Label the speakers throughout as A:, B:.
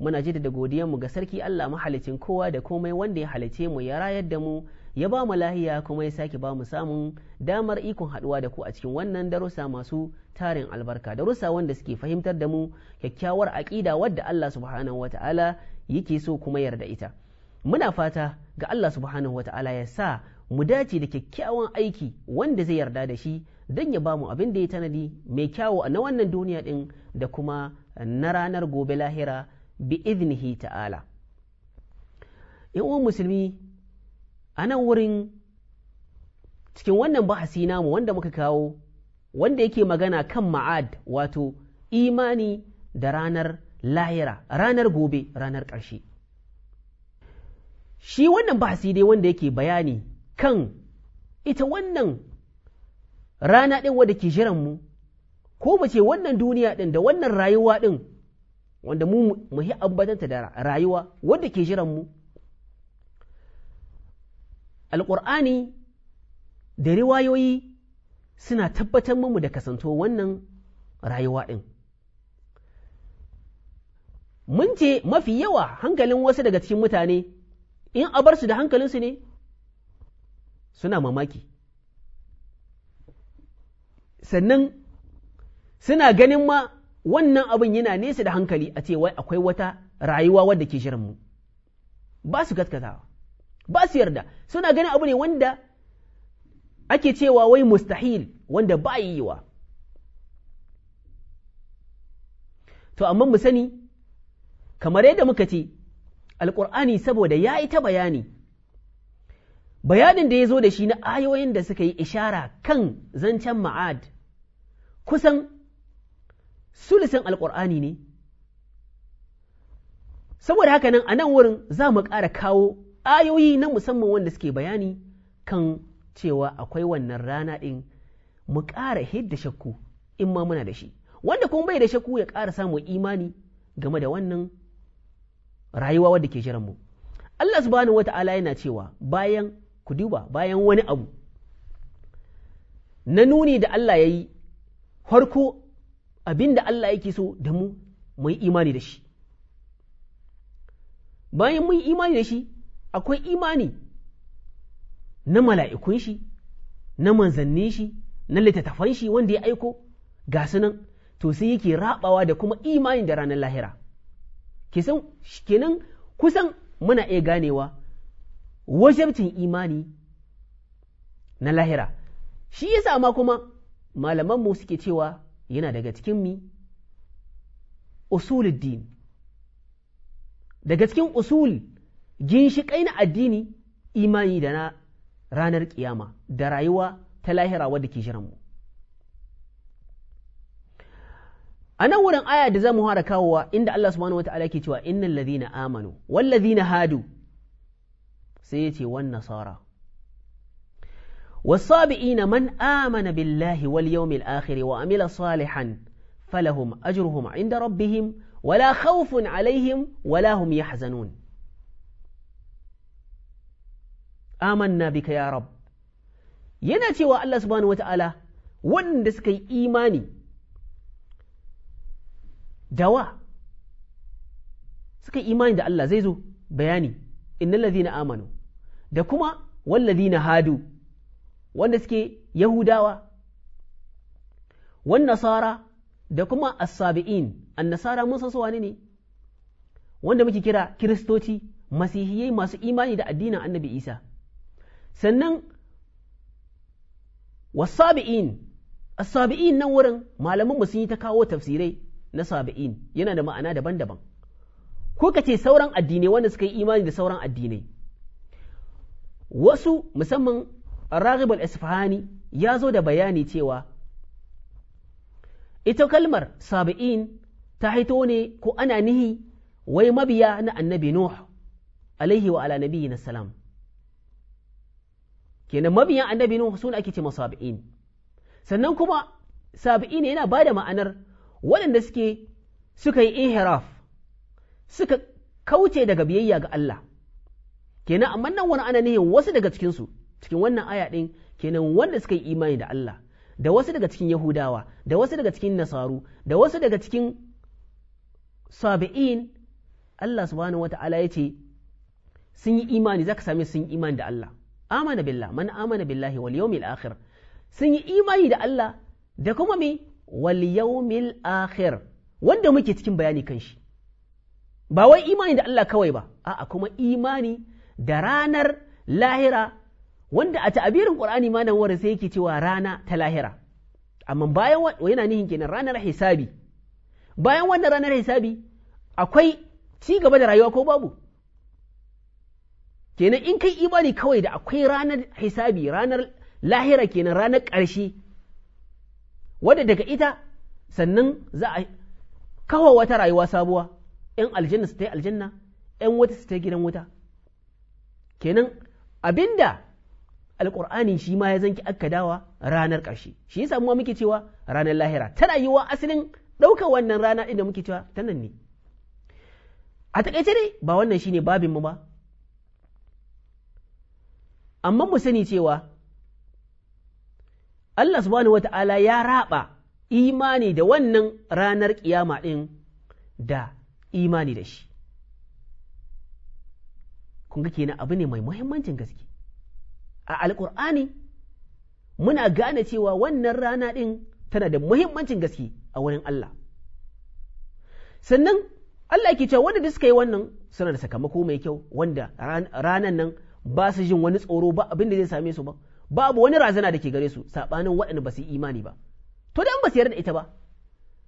A: muna jaddada mu ga sarki Allah mahalicin kowa da komai wanda ya halice mu ya rayar da mu ya ba mu lahiya kuma ya sake ba mu samun damar ikon haɗuwa da ku a cikin wannan darussa masu tarin albarka darussa wanda suke fahimtar da mu kyakkyawar aƙida wadda Allah subhanahu wata'ala yake so kuma yarda ita muna fata ga Allah subhanahu wata'ala ya sa mu dace da kyakkyawan aiki wanda zai yarda da shi don ya ba mu abin da ya tanadi mai kyawo na wannan duniya ɗin da kuma na ranar gobe lahira bi iznihi ta'ala uwan musulmi a nan wurin cikin wannan bahasi namu wanda muka kawo wanda yake magana kan ma'ad wato imani da ranar lahira ranar gobe ranar ƙarshe shi wannan bahasi dai wanda yake bayani kan ita wannan rana ɗin wadda ke jiranmu ko mace wannan duniya ɗin da wannan rayuwa ɗin wanda mu mu yi ambatanta da rayuwa wadda ke jiran mu alƙur'ani da riwayoyi suna tabbatar mu da kasanto wannan rayuwa din. mun ce mafi yawa hankalin wasu daga cikin mutane in a bar su da hankalinsu ne suna mamaki sannan suna ganin ma wannan abin yana nesa da hankali a ce wai akwai wata rayuwa wadda ke shirin mu ba su gaskatawa ba su yarda suna ganin abu ne wanda ake cewa wai mustahil wanda ba yiwa to amma mu sani kamar yadda muka ce alƙur'ani saboda ya yi ta bayani bayanin da ya zo da shi na ayoyin da suka yi ishara kan zancen ma'ad kusan sulisin alƙur'ani ne saboda haka nan a nan wurin za mu ƙara kawo ayoyi na musamman wanda suke bayani kan cewa akwai wannan rana ɗin mu ƙara hidda shakku in ma muna da shi wanda kuma bai da shakku ya ƙara samun imani game da wannan rayuwa wadda ke jiranmu Allah subhanahu wa ta'ala yana cewa bayan ku duba bayan wani abu na nuni da Allah ya yi farko abin da Allah yake so da mu mu imani da shi bayan mun yi imani da shi akwai imani na mala'ikun shi na manzannin shi na littattafan shi wanda ya aiko ga sunan to sai yake rabawa da kuma imani da ranar lahira kenan kusan muna iya ganewa wajabcin imani na lahira shi yasa ma kuma malamanmu suke cewa yana daga cikin mi usuluddin daga cikin usul ginshiƙai na addini imani da na ranar ƙiyama da rayuwa ta lahira wadda ke jiranmu a nan wurin aya da za mu fara kawowa inda Allah subhanahu wata'ala ke cewa innal ladhina amanu wal ladhina hadu sai ya ce wan nasara والصابئين من آمن بالله واليوم الآخر وعمل صالحا فلهم أجرهم عند ربهم ولا خوف عليهم ولا هم يحزنون آمنا بك يا رب yana cewa Allah subhanahu wata'ala wanda suka yi imani suka yi imani da Allah zai zo bayani innal ladhina amanu da kuma wal na hadu wanda suke yahudawa wan nasara da kuma as-sabi'in an-nasara mun san su wane ne wanda muke kira kiristoci masihiyai masu imani da addinin annabi isa sannan wasabi'in as nan wurin malaman mu sun yi ta kawo tafsirai na sabi'in yana da ma'ana daban-daban ko ka ce sauran addinai wanda suka yi imani da sauran addinai wasu musamman Raghib al-Isfahani ya zo da bayani cewa ita kalmar saba'in ta haito ne ko ana nihi wai mabiya na annabi Nuh alaihi wa ala na salam kenan mabiyan annabi Nuh suna ake ce saba'in sannan kuma saba'in yana ba da ma'anar waɗanda suke suka yi inhiraf suka kauce daga biyayya ga Allah kenan amma nan wani ana nihin wasu daga cikinsu cikin wannan aya ɗin kenan wanda suka yi imani da Allah da wasu daga cikin Yahudawa da wasu daga cikin Nasaru da wasu daga cikin Sabi'in Allah subhanahu wata'ala ya ce sun yi imani zaka same sun yi imani da Allah amana billah man amana billahi wal yawmil akhir sun yi imani da Allah da kuma me wal yawmil akhir wanda muke cikin bayani kan shi ba wai imani da Allah kawai ba a'a kuma imani da ranar lahira wanda a ta'abirin Qur'ani ma nan wara sai yake cewa rana ta lahira amma bayan yana nihin kenan ranar hisabi bayan wannan ranar hisabi akwai ci gaba da rayuwa ko babu kenan in kai imani kawai da akwai ranar hisabi ranar lahira kenan ranar ƙarshe wadda daga ita sannan za a kawo wata rayuwa sabuwa ‘yan aljanna su ta yi aljanna ‘yan wata su ta gidan wuta kenan abinda alƙur'ani shi ma ya zanki dawa ranar ƙarshe shi yasa mu muke cewa ranar lahira tana wa asalin ɗaukar wannan rana da muke cewa ta nan ne a taƙaice dai ba wannan shine babin mu ba amma mu sani cewa Allah subhanahu wata'ala ya raba imani da wannan ranar ƙiyama ɗin da imani da shi kun ga kenan abu ne mai muhimmancin gaske a alkur'ani muna gane cewa wannan rana ɗin tana da muhimmancin gaske a wurin Allah sannan Allah yake cewa wanda suka yi wannan suna da sakamako mai kyau wanda ranan nan ba su jin wani tsoro ba abin zai same su ba babu wani razana da ke gare su sabanin waɗanda ba su yi imani ba to dan ba su yarda ita ba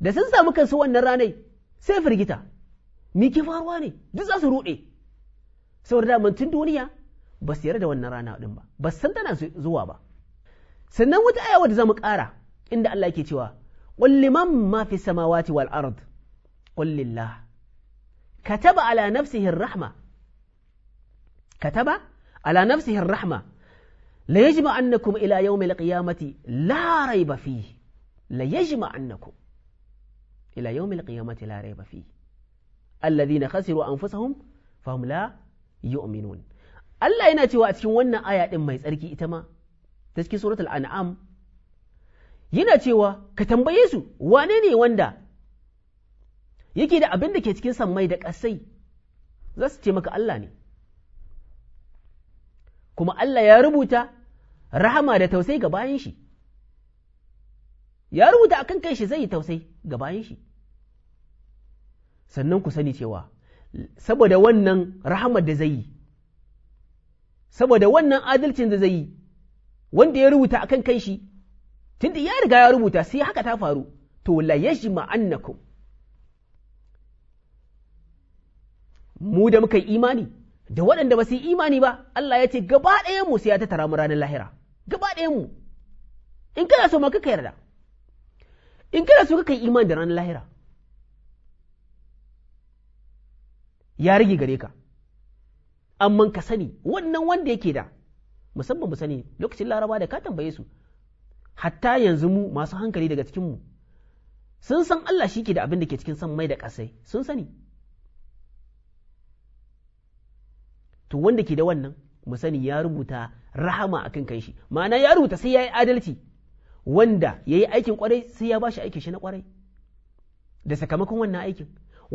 A: da sun samu kansu wannan ranai sai firgita me ke faruwa ne duk za su ruɗe saboda daman tun duniya ba su yarda da wannan rana din ba ba san tana zuwa ba sannan wata aya wadda zamu ƙara inda Allah yake cewa qul liman ma fi samawati wal ard qul lillah kataba ala nafsihi rahma kataba ala nafsihi rahma la yajma annakum ila yawm al qiyamati la rayba fihi la yajma annakum ila yawm al qiyamati la rayba fihi alladhina khasiru anfusahum fahum la yu'minun Allah yana cewa a cikin wannan aya ɗin mai tsarki ita ma, ta cikin suratul an'am yana cewa ka tambaye su wane ne wanda yake da abin da ke cikin sammai da ƙasai za su ce maka Allah ne. Kuma Allah ya rubuta rahama da tausai ga bayan shi, ya rubuta akan kai shi zai yi tausai ga bayan shi. Sannan ku sani cewa, saboda wannan rahamar da zai yi, saboda wannan adalcin da zai yi wanda ya rubuta akan kan shi tunda ya riga ya rubuta sai haka ta faru to la yajma annakum mu da muka yi imani da waɗanda ba su yi imani ba Allah ya ce gaba ɗayan mu sai ya tattara mu ranar lahira gaba ɗayan mu in kana so ma kaka yarda in kana so kaka yi imani da ranar lahira ya rage gare ka amma ka sani wannan wanda yake da musamman mu sani lokacin laraba da ka tambaye su hatta yanzu mu masu hankali daga cikin mu sun san Allah shi ke da abin da ke cikin san mai da ƙasai sun sani to wanda ke da wannan mu sani ya rubuta rahama akan kan shi ma'ana ya rubuta sai ya yi adalci wanda ya yi aikin kwarai sai ya bashi aikin shi na kwarai da sakamakon wannan aikin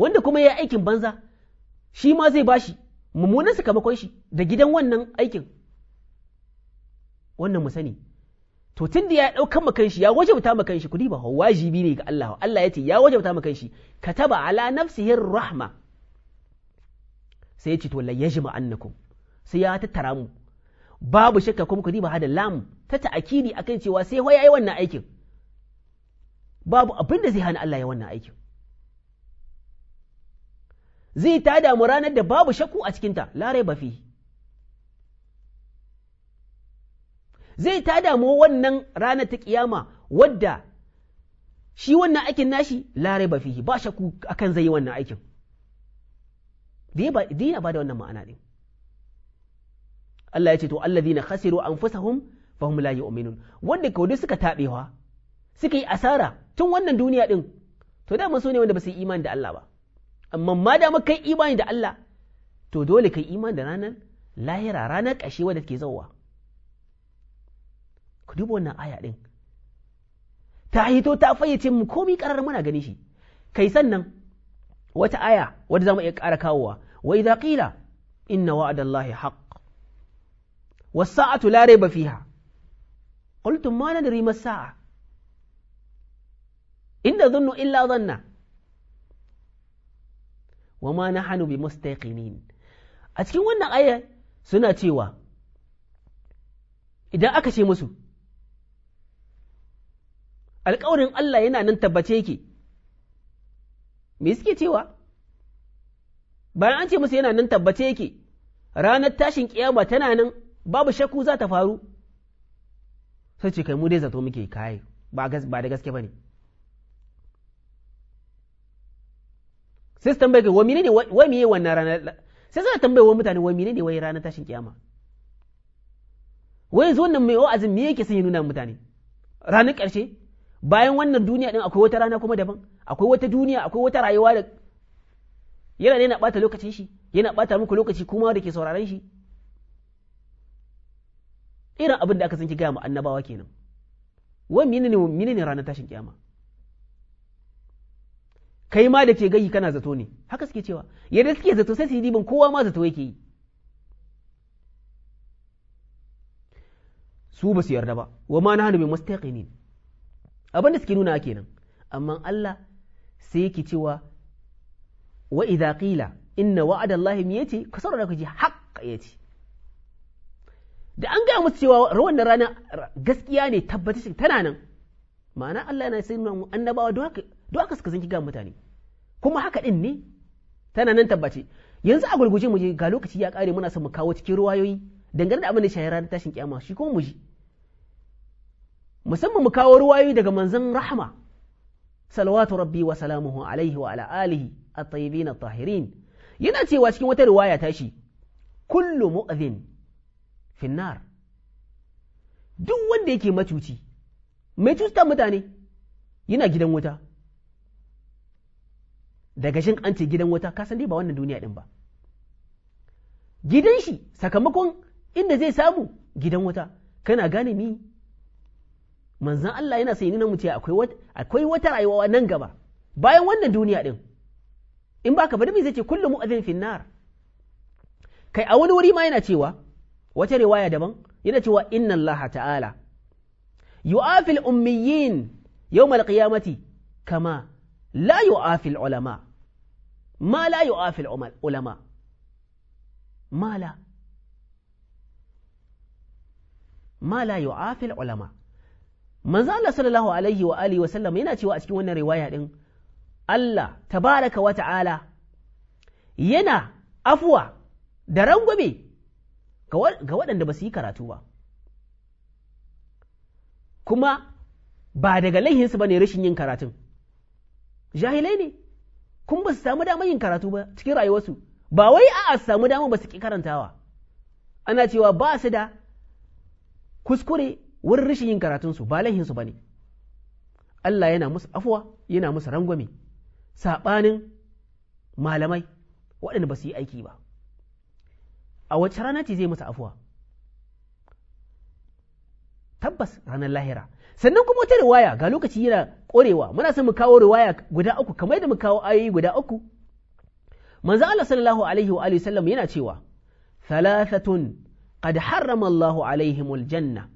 A: wanda kuma ya yi aikin banza shi ma zai bashi mummunan sakamakon shi da gidan wannan aikin wannan mu sani to tun da ya ɗaukan makan shi ya wajabta makan shi kudi ba wajibi ne ga Allah Allah ya ce ya wajabta makan shi Ka taba ala yin rahma sai ya ce to la yajma annakum sai ya tattara mu babu shakka kuma kudi ba hada lam ta ta'akidi akan cewa sai ya yi wannan aikin babu abin da zai hana Allah ya wannan aikin zai ta damu ranar da babu shakku a cikinta larai ba fi zai ta damu wannan ranar ta kiyama wadda shi wannan aikin nashi larai ba fihi ba shakku akan zai yi wannan aikin dina ba da wannan ma'ana ne. Allah ya ce to allazina khasiru anfusahum fahum la yu'minun wanda kawai suka tabewa suka yi asara tun wannan duniya din to da so ne wanda ba su yi imani da Allah ba amma ma da kai imani da Allah to dole yi imani da ranar lahira ranar ƙashe wadda ke zauwa ku duba wannan aya ɗin ta hito ta fayyace mu komi ƙarar muna gani shi kai sannan wata aya wadda za mu iya ƙara kawowa wa idza qila inna wa'adallahi haqq was-sa'atu la rayba fiha qultum ma nadri ma saa inda nadhunnu illa dhanna wa ma masu bi mustaqinin a cikin wannan aya suna cewa idan aka ce musu alkawarin Allah yana nan tabbace yake me suke cewa bayan an ce musu yana nan tabbace yake ranar tashin kiyama tana nan babu shakku za ta faru sai ce kai mu dai zato muke kai ba da gaske ba ne sai su tambaye wa menene wai meye wannan rana sai suna tambaye wa mutane wa menene wai ranar tashin kiyama wai yanzu wannan mai wa'azin me yake son ya nuna mutane ranar ƙarshe bayan wannan duniya din akwai wata rana kuma daban akwai wata duniya akwai wata rayuwa da yana ne na bata lokacin shi yana bata muku lokaci kuma da ke sauraron shi irin abin da aka san ki gaya ma annabawa kenan wai menene menene ranar tashin kiyama kai ma da ke gayi kana zato ne haka suke cewa yadda suke zato sai su yi diban kowa ma zato yake yi su ba su yarda ba wa ma nahnu bimustaqinin abin da suke nuna kenan amma Allah sai yake cewa wa idza qila inna wa'ada Allah me yace ka saurara ku ji haqq yace da an gaya musu cewa wannan rana gaskiya ne tabbaci tana nan ma'ana Allah yana sai annabawa don haka duk aka suka sun ga mutane kuma haka din ne tana nan tabbace yanzu a gurguje mu je ga lokaci ya kare muna son mu kawo cikin ruwayoyi dangane da abin da shahara na tashin kiyama shi kuma mu ji musamman mu kawo ruwayoyi daga manzon rahma salawatu rabbi wa salamuhu alaihi wa ala alihi at-tayyibin at-tahirin yana cewa cikin wata riwaya shi kullu fi nar duk wanda yake macuci mai cuta mutane yana gidan wuta daga shin an ce gidan wuta ka san dai ba wannan duniya din ba gidan shi sakamakon inda zai samu gidan wuta kana gane mi manzan Allah yana sayi nuna mu ce akwai wata rayuwa nan gaba bayan wannan duniya din in ba ka bari mai zai ce kullum mu'adhin finnar kai a wani wuri ma yana cewa wata riwaya daban yana cewa inna Allah ta'ala yu'afil ummiyin yawmal qiyamati kama la yu'afil ulama ma la yu'afi ulama ma la ma la yu'afi ulama manzo Allah wa alihi yana cewa a cikin wannan riwaya din Allah tabaraka wa ta'ala yana afuwa da rangwame ga waɗanda ba su yi karatu ba kuma ba daga laihinsu ba ne rashin yin karatun jahilai ne kun ba su samu damar yin karatu ba cikin rayuwarsu ba wai a su samu damar ba su ki karantawa ana cewa ba su da kuskure wurin rashin yin karatunsu ba laihinsu ba ne Allah yana musu afuwa yana musu rangwame saɓanin malamai waɗanda ba su yi aiki ba a wace rana ce zai musu afuwa tabbas ranar lahira sannan kuma wata riwaya ga lokaci yana korewa muna son mu kawo riwaya guda uku kamar yadda mu kawo ayoyi guda uku manzo Allah sallallahu alaihi wa alihi sallam yana cewa thalathatun qad harrama Allahu alaihimul janna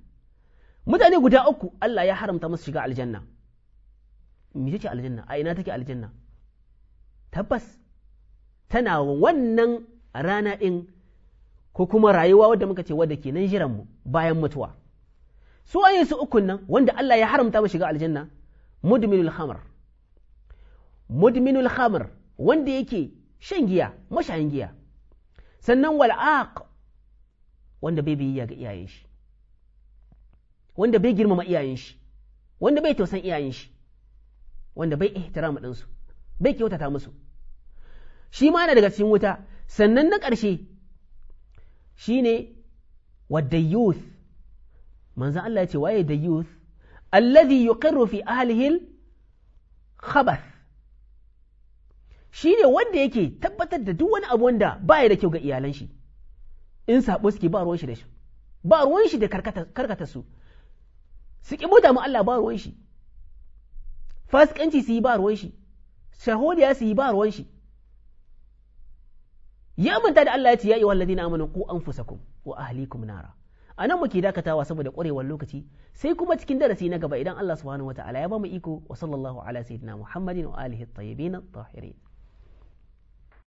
A: mutane guda uku Allah ya haramta musu shiga aljanna me ce aljanna a ina take aljanna tabbas tana wannan rana din ko kuma rayuwa wadda muka ce wadda ke nan jiran mu bayan mutuwa su ayin su ukun nan wanda Allah ya haramta mu shiga aljanna mudminul khamr mudminul khamr wanda yake shan giya mashayin giya sannan wal'aq wanda bai biyayya ga iyayen shi wanda bai girmama iyayen shi wanda bai tausan iyayen shi wanda bai ihtirama ɗinsu bai kyautata musu shi ma na daga cikin wuta sannan na ƙarshe shine wadda youth manzan Allah ya ce waye da youth alladhi yuqirru fi ahlihil khabath shine wanda yake tabbatar da duk wani abu wanda baya da kyau ga iyalan shi in sabo suke ba ruwan shi da shi ba ruwan shi da karkata su su ki mu Allah ba ruwan shi fasikanci su yi ba ruwan shi shahodiya su yi ba ruwan shi ya manta da Allah ya ce ya yi wallazina amanu ku anfusakum wa ahlikum nara a nan muke dakatawa saboda ƙwarewar lokaci sai kuma cikin darasi na gaba idan Allah subhanahu wataala ya ba mu iko wa sallallahu ala sayyidina Muhammadin wa alihi at-tayyibin tahirin